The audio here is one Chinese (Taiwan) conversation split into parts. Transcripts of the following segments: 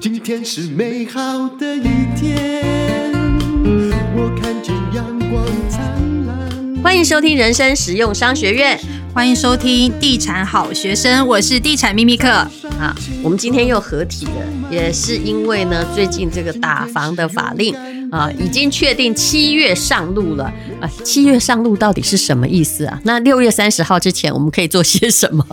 今天是美好的一天，我看見陽光燦爛，嗯。歡迎收聽人生實用商學院，歡迎收聽地產好學生，我是地產秘密客啊。我們今天又合體了，也是因為呢，最近這個打房的法令。啊，已經確定七月上路了啊。七月上路到底是什麼意思啊？那六月三十號之前我們可以做些什麼？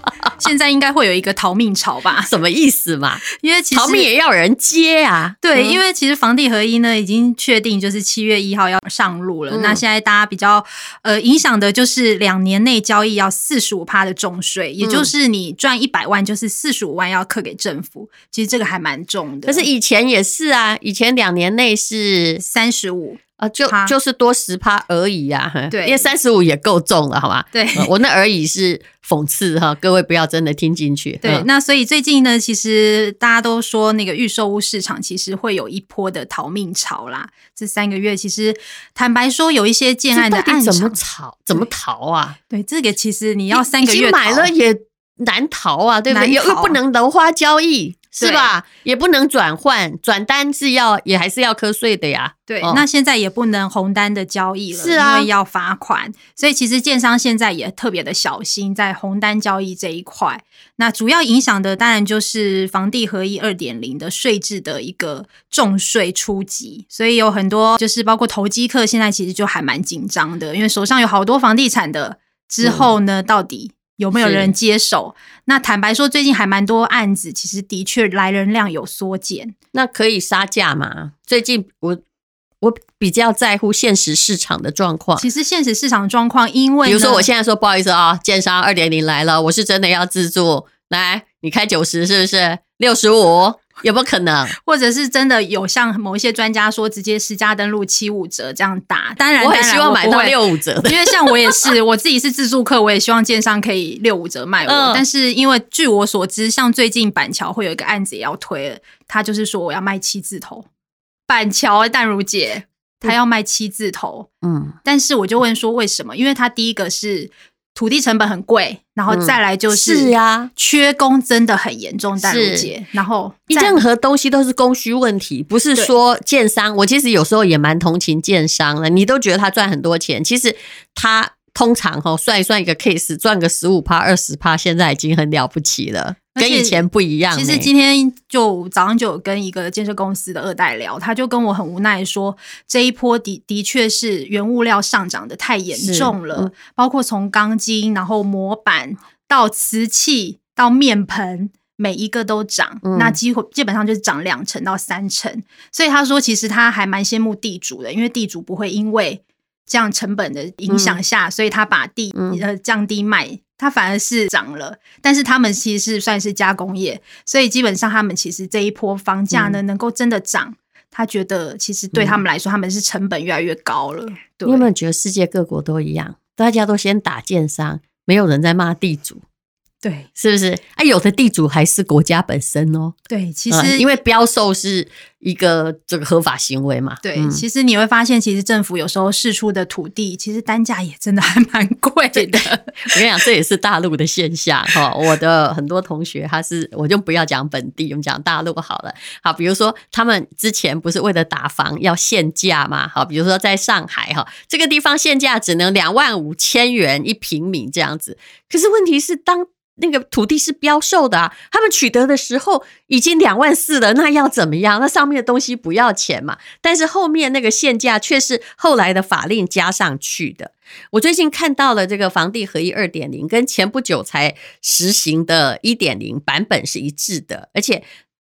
現在應該會有一個逃命潮吧？什麼意思嘛？因為逃命也要人接啊、嗯。對，因為其實房地合一呢，已經確定就是七月一號要上路了。嗯、那現在大家比較呃影響的就是兩年內交易要四十五趴的重稅，也就是你賺一百萬就是四十五萬要課給政府。其實這個還蠻重的。可是以前也是啊，以前兩年內是三十五。啊，就就是多十趴而已呀、啊，對，因為三十五也夠重了，好吧？對，呃、我那而已是諷刺哈，各位不要真的聽進去、嗯。對，那所以最近呢，其實大家都說那個預售屋市場其實會有一波的逃命潮啦。這三個月其實坦白說，有一些建案的案場到底怎麼逃？怎麼逃啊對？對，這個其實你要三個月買了也難逃啊，對不對？又不能樓花交易。是吧？也不能轉換轉單是要也還是要課稅的呀。對、哦，那現在也不能紅單的交易了、啊，因為要罰款。所以其實建商現在也特別的小心在紅單交易這一塊。那主要影響的當然就是房地合一二點零的稅制的一個重稅初級，所以有很多就是包括投機客現在其實就還蠻緊張的，因為手上有好多房地產的，之後呢、嗯、到底。有沒有人接手？那坦白說，最近還蠻多案子，其實的確來人量有縮減。那可以殺價嗎？最近我我比較在乎現實市場的狀況。其實現實市場狀況，因為比如說我現在說不好意思啊、喔，建商二點零來了，我是真的要自助。來，你開九十是不是？六十五。有沒有可能， 或者是真的有像某一些專家說，直接實價登錄七五折這樣打？當然，我很希望買到六五折的，因為像我也是， 我自己是自住客，我也希望建商可以六五折賣我。呃、但是，因為據我所知，像最近板橋會有一個案子也要推，他就是說我要賣七字頭。板橋淡如姐，他、嗯、要賣七字頭，嗯，但是我就問說為什麼？因為他第一個是。土地成本很貴，然後再來就是是缺工,真的很嚴重，淡如姐、嗯、是、啊，然後任何東西都是供需問題，不是說建商。我其實有時候也蠻同情建商的，你都覺得他賺很多錢，其實他通常哈、哦、算一算一個 case，賺個十五趴、二十趴，現在已經很了不起了。跟以前不一樣、欸。其實今天就早上就有跟一個建設公司的二代聊。他就跟我很無奈說，這一波的的確是原物料上漲的太嚴重了，嗯、包括從鋼筋、然後模板到瓷器到面盆，每一個都漲、嗯，那幾乎基本上就是漲兩成到三成。所以他說，其實他還蠻羨慕地主的，因為地主不會因為這樣成本的影響下、嗯，所以他把地呃、嗯、降低賣。它反而是漲了，但是他們其實是算是加工業，所以基本上他們其實這一波房價呢，能夠真的漲、嗯，他覺得其實對他們來說、嗯、他們是成本越來越高了。你有沒有覺得世界各國都一樣，大家都先打建商，沒有人在罵地主？對，是不是？哎，有的地主還是國家本身哦。對，其實、嗯、因為標售是一個這個合法行為嘛。對，嗯、其實你會發現，其實政府有時候釋出的土地，其實單價也真的還蠻貴的。對對 我跟你講，這也是大陸的現象哈、 哦。我的很多同學，他是我就不要講本地，我們講大陸好了。好，比如說他們之前不是為了打房要限價嘛？哈，比如說在上海哈，這個地方限價只能兩萬五千元一平米這樣子。可是問題是當那個土地是標售的啊，他們取得的時候已經兩萬四了，那要怎麼樣？那上面的東西不要錢嘛？但是後面那個限價，卻是後來的法令加上去的。我最近看到了這個房地合一二點零，跟前不久才實行的一點零版本是一致的，而且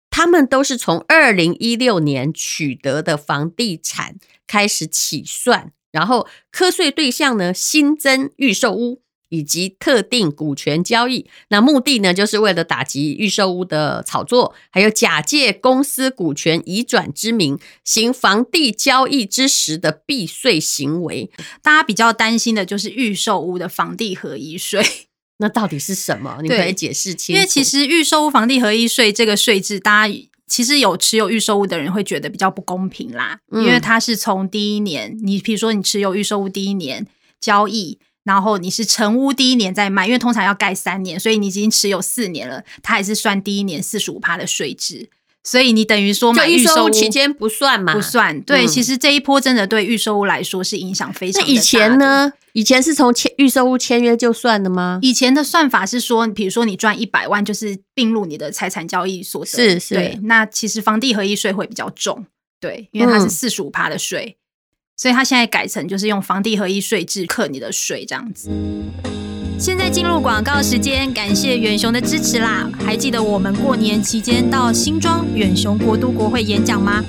他們都是從二零一六年取得的房地產開始起算，然後課稅對象呢，新增預售屋。以及特定股權交易，那目的呢，就是為了打擊預售屋的炒作，還有假借公司股權移轉之名行房地交易之時的避稅行為。大家比較擔心的就是預售屋的房地合一稅， 那到底是什麼？ 你可以解釋清楚。因為其實預售屋房地合一稅這個稅制，大家其實有持有預售屋的人會覺得比較不公平啦，嗯、因為它是從第一年，你比如說你持有預售屋第一年交易。然後你是成屋第一年再賣，因為通常要蓋三年，所以你已經持有四年了，它還是算第一年四十五趴的稅值，所以你等於說買預售屋期間不算嘛？不算。對，嗯、其實這一波真的對預售屋來說是影響非常的大的。那以前呢？以前是從簽預售屋簽約就算的嗎？以前的算法是說，比如說你賺一百萬，就是併入你的財產交易所得。是是。對，那其實房地合一稅會比較重，對，因為它是四十五趴的稅。嗯所以他現在改成就是用房地合一稅制課你的稅，這樣子。現在進入廣告時間，感謝遠雄的支持啦！還記得我們過年期間到新莊遠雄國都國滙演講嗎？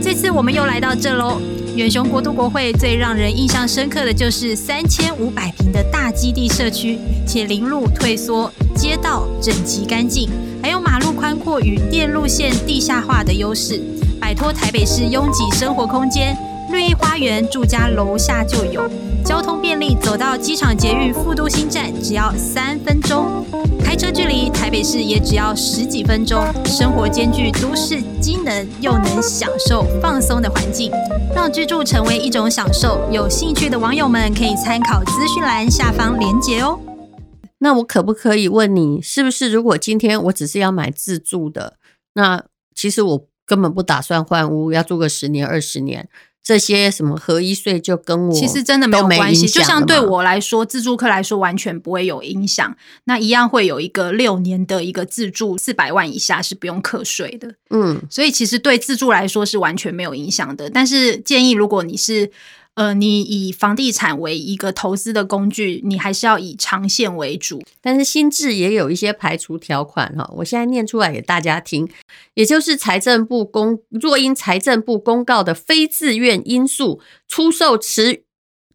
這次我們又來到這嘍。遠雄國都國滙最讓人印象深刻的就是三千五百坪的大基地社區，且鄰路退縮，街道整齊乾淨，還有馬路寬闊與電路線地下化的優勢，擺脫台北市擁擠生活空間。綠意花園住家樓下就有，交通便利，走到機場捷運副都心站只要三分鐘，開車距離台北市也只要十幾分鐘，生活兼具都市機能，又能享受放鬆的環境，讓居住成為一種享受。有興趣的網友們可以參考資訊欄下方連結哦。那我可不可以問你，是不是如果今天我只是要買自住的，那其實我根本不打算換屋，要住個十年二十年？這些什麼合一稅，就跟我其實真的沒有關係，就像對我來說，自住客來說完全不會有影響。那一樣會有一個六年的一個自住四百萬以下是不用課稅的，嗯，所以其實對自住來說是完全沒有影響的。但是建議如果你是。呃，你以房地產為一個投資的工具，你還是要以長線為主。但是新制也有一些排除條款哈，我現在念出來給大家聽，也就是財政部公若因財政部公告的非自願因素出售持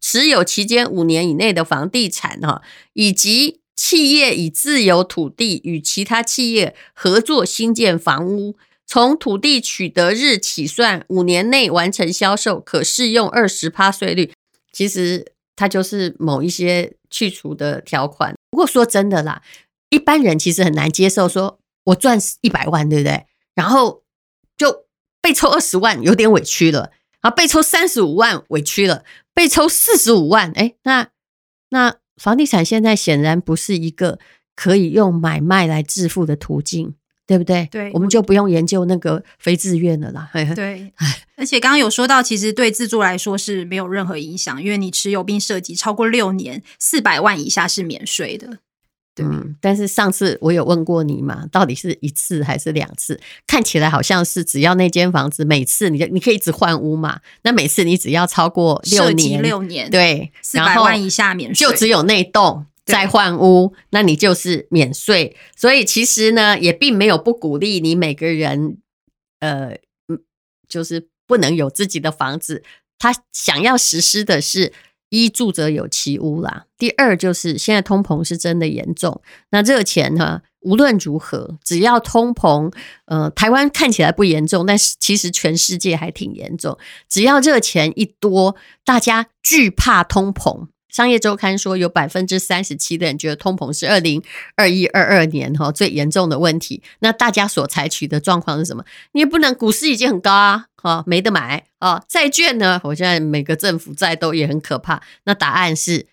持有期間五年以內的房地產哈，以及企業以自有土地與其他企業合作新建房屋。從土地取得日起算五年內完成銷售，可適用二十趴稅率。其實它就是某一些去除的條款。不過說真的啦，一般人其實很難接受說，說我賺一百萬，對不對？然後就被抽二十萬，有點委屈了。然後被抽三十五萬，委屈了。被抽四十五萬，哎，那那房地產現在顯然不是一個可以用買賣來致富的途徑。對不對？對，我們就不用研究那個非自願的啦。對，而且剛剛有說到，其實對自住來說是沒有任何影響，因為你持有並設籍超過六年，四百萬以下是免稅的。對、嗯，但是上次我有問過你嘛，到底是一次還是兩次？看起來好像是只要那間房子，每次你你可以一直換屋嘛？那每次你只要超過六年，設籍六年對，四百萬以下免稅，就只有那棟。再換屋，那你就是免稅。所以其實呢，也並沒有不鼓勵你每個人，呃，就是不能有自己的房子。他想要實施的是“一住者有其屋”啦。第二就是現在通膨是真的嚴重。那熱錢呢，無論如何，只要通膨，呃，台灣看起來不嚴重，但是其實全世界還挺嚴重。只要熱錢一多，大家懼怕通膨，商業週刊說有37，有百分之三十七的人覺得通膨是二零二一、二二年哈最嚴重的問題？那大家所採取的狀況是什麼？你也不能，股市已經很高啊，哈，沒得買啊。債券呢？我現在每個政府債都也很可怕。那答案是，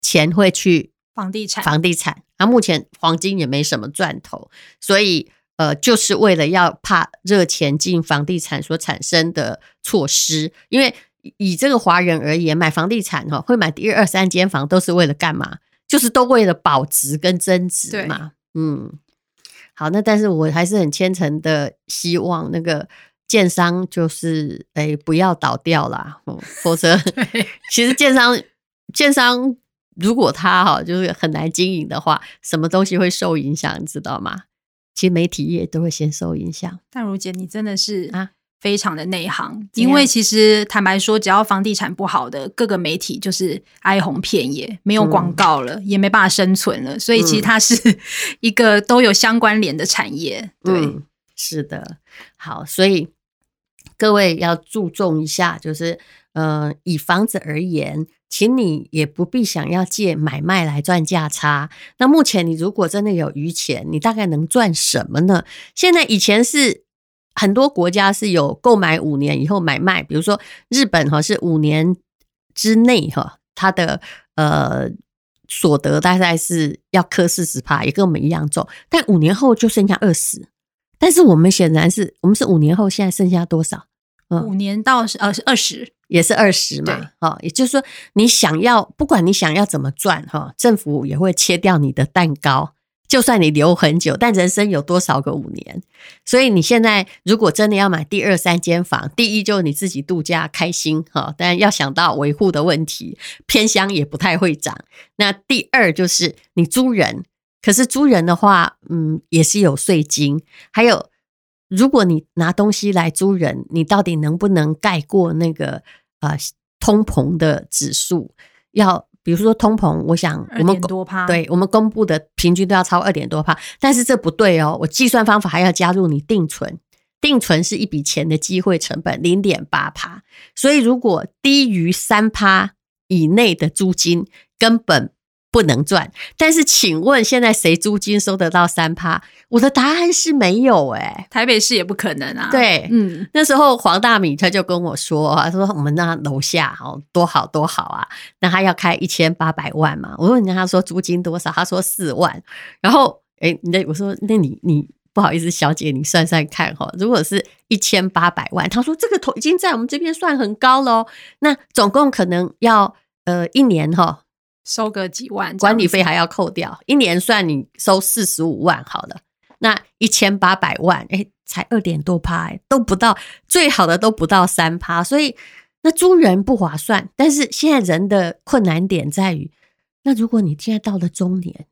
錢會去房地產，房地產。那、啊、目前黃金也沒什麼賺頭，所以呃，就是為了要怕熱錢進房地產所產生的措施，因為。以這個華人而言，買房地產哈，會買一二三間房，都是為了幹嘛？就是都為了保值跟增值嘛。嗯，好，那但是我還是很虔誠的希望那個建商就是哎不要倒掉啦，哦、否則其實建商建商如果他哈就是很難經營的話， 什麼東西會受影響？你知道嗎？其實媒體業都會先受影響。淡如姐，你真的是啊。非常的內行，因為其實坦白說，只要房地產不好的，各個媒體就是哀鴻遍野，沒有廣告了，嗯，也沒辦法生存了。所以其實它是一個都有相關聯的產業。對，嗯、是的。好，所以各位要注重一下，就是呃，以房子而言，請你也不必想要借買賣來賺價差。那目前你如果真的有餘錢，你大概能賺什麼呢？現在以前是。很多國家是有購買五年以後買賣，比如說日本哈，是五年之內哈，它的呃所得大概是要磕四十趴，也跟我們一樣重，但五年後就剩下二十。但是我們顯然是我們是五年後現在剩下多少？五年到、啊、是呃二十也是二十嘛？哦，也就是說你想要不管你想要怎麼賺哈，政府也會切掉你的蛋糕。就算你留很久，但人生有多少個五年？所以你現在如果真的要買第二三間房，第一就是你自己度假開心，好，但要想到維護的問題，偏鄉也不太會漲。那第二就是你租人，可是租人的話，嗯，也是有稅金，還有如果你拿東西來租人，你到底能不能蓋過那個呃通膨的指數？要。比如說通膨，我想我們多對我們公布的平均都要超二點多趴，但是這不對哦、喔，我計算方法還要加入你定存，定存是一筆錢的機會成本零點八趴，所以如果低於三趴以內的租金根本。不能賺，但是請問現在誰租金收得到三趴？我的答案是沒有哎、欸，台北市也不可能啊。對，嗯，那時候黃大米他就跟我說、啊，他說我們那樓下好多好多好啊，那他要開一千八百萬嘛，我問他說租金多少，他說四萬，然後哎、欸，那我說那你你，不好意思，小姐你算算看哈，如果是一千八百萬，他說這個頭已經在我們這邊算很高囉，那總共可能要呃一年哈。收個幾萬，管理費還要扣掉，一年算你收四十五萬好了。那一千八百萬，哎、欸，才二點多趴、欸，都不到，最好的都不到三趴。所以那租人不划算。但是現在人的困難點在於，那如果你現在到了中年，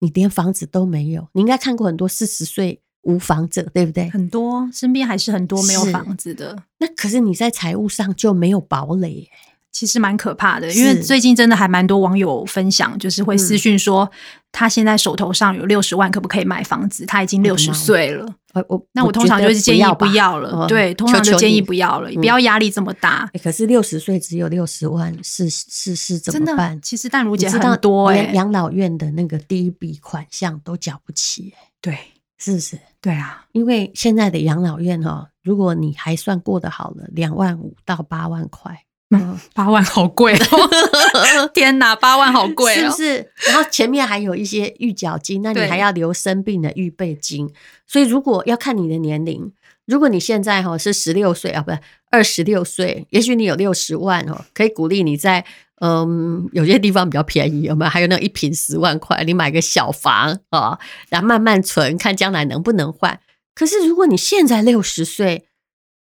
你連房子都沒有，你應該看過很多四十歲無房者，對不對？很多身邊還是很多沒有房子的。那可是你在財務上就沒有堡壘、欸。其實蠻可怕的，因為最近真的還蠻多網友分享，是就是會私訊說他現在手頭上有六十萬，可不可以買房子？嗯、他已經六十歲了。呃、欸，我，我那我通常就是建議不要了。要嗯、對，通常就建議不要了，求求你不要壓力這麼大。嗯欸、可是六十歲只有六十萬，是是是，是是怎麼辦？真的其實淡如姐知很多養、欸、老院的那個第一筆款項都繳不起、欸、對，是不是？對啊，因為現在的養老院哈、喔，如果你還算過得好了，兩萬五到八萬塊。嗯，八萬好貴、喔！ 天哪，八萬好貴、喔、是不是？然後前面還有一些預繳金， 那你還要留生病的預備金。所以如果要看你的年齡，如果你現在哈是十六歲啊，不是二十六歲，也許你有六十萬哦，可以鼓勵你在嗯，有些地方比較便宜，有沒有？還有那一平十萬塊，你買個小房啊，然後慢慢存，看將來能不能換。可是如果你現在六十歲，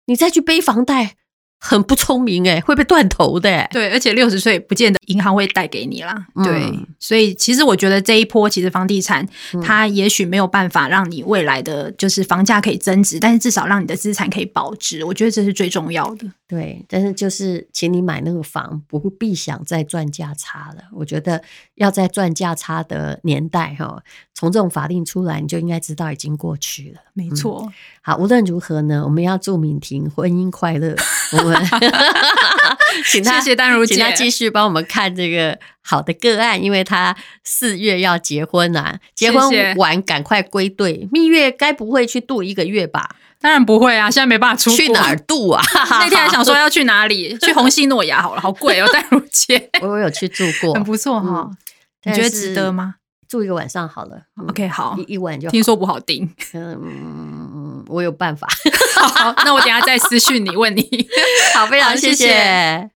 你再去背房貸。很不聰明哎、欸，會被斷頭的哎、欸。對，而且六十歲不見得銀行會貸給你啦、嗯。對，所以其實我覺得這一波其實房地產、嗯、它也許沒有辦法讓你未來的就是房價可以增值、嗯，但是至少讓你的資產可以保值。我覺得這是最重要的。對，但是就是請你買那個房不必想再賺價差了。我覺得要在賺價差的年代哈，從這種法令出來你就應該知道已經過去了。沒錯、嗯。好，無論如何呢，我們要祝敏婷婚姻快樂。我們。 哈， 謝謝淡如姐，請他繼續幫我們看這個好的個案， 因為他四月要結婚啊，謝謝結婚完趕快歸隊，蜜月該不會去度一個月吧？當然不會啊，現在沒辦法出去哪兒度啊？ 那天還想說要去哪裡， 去虹夕諾雅好了，好貴哦，淡如姐， 我有去住過，很不錯哈、哦嗯，你覺得值得嗎？住一個晚上好了、嗯、，OK，好，一,一晚就，聽說不好訂，嗯。我有辦法， 好，好，那我等一下再私訊你 問你，好，非常謝謝。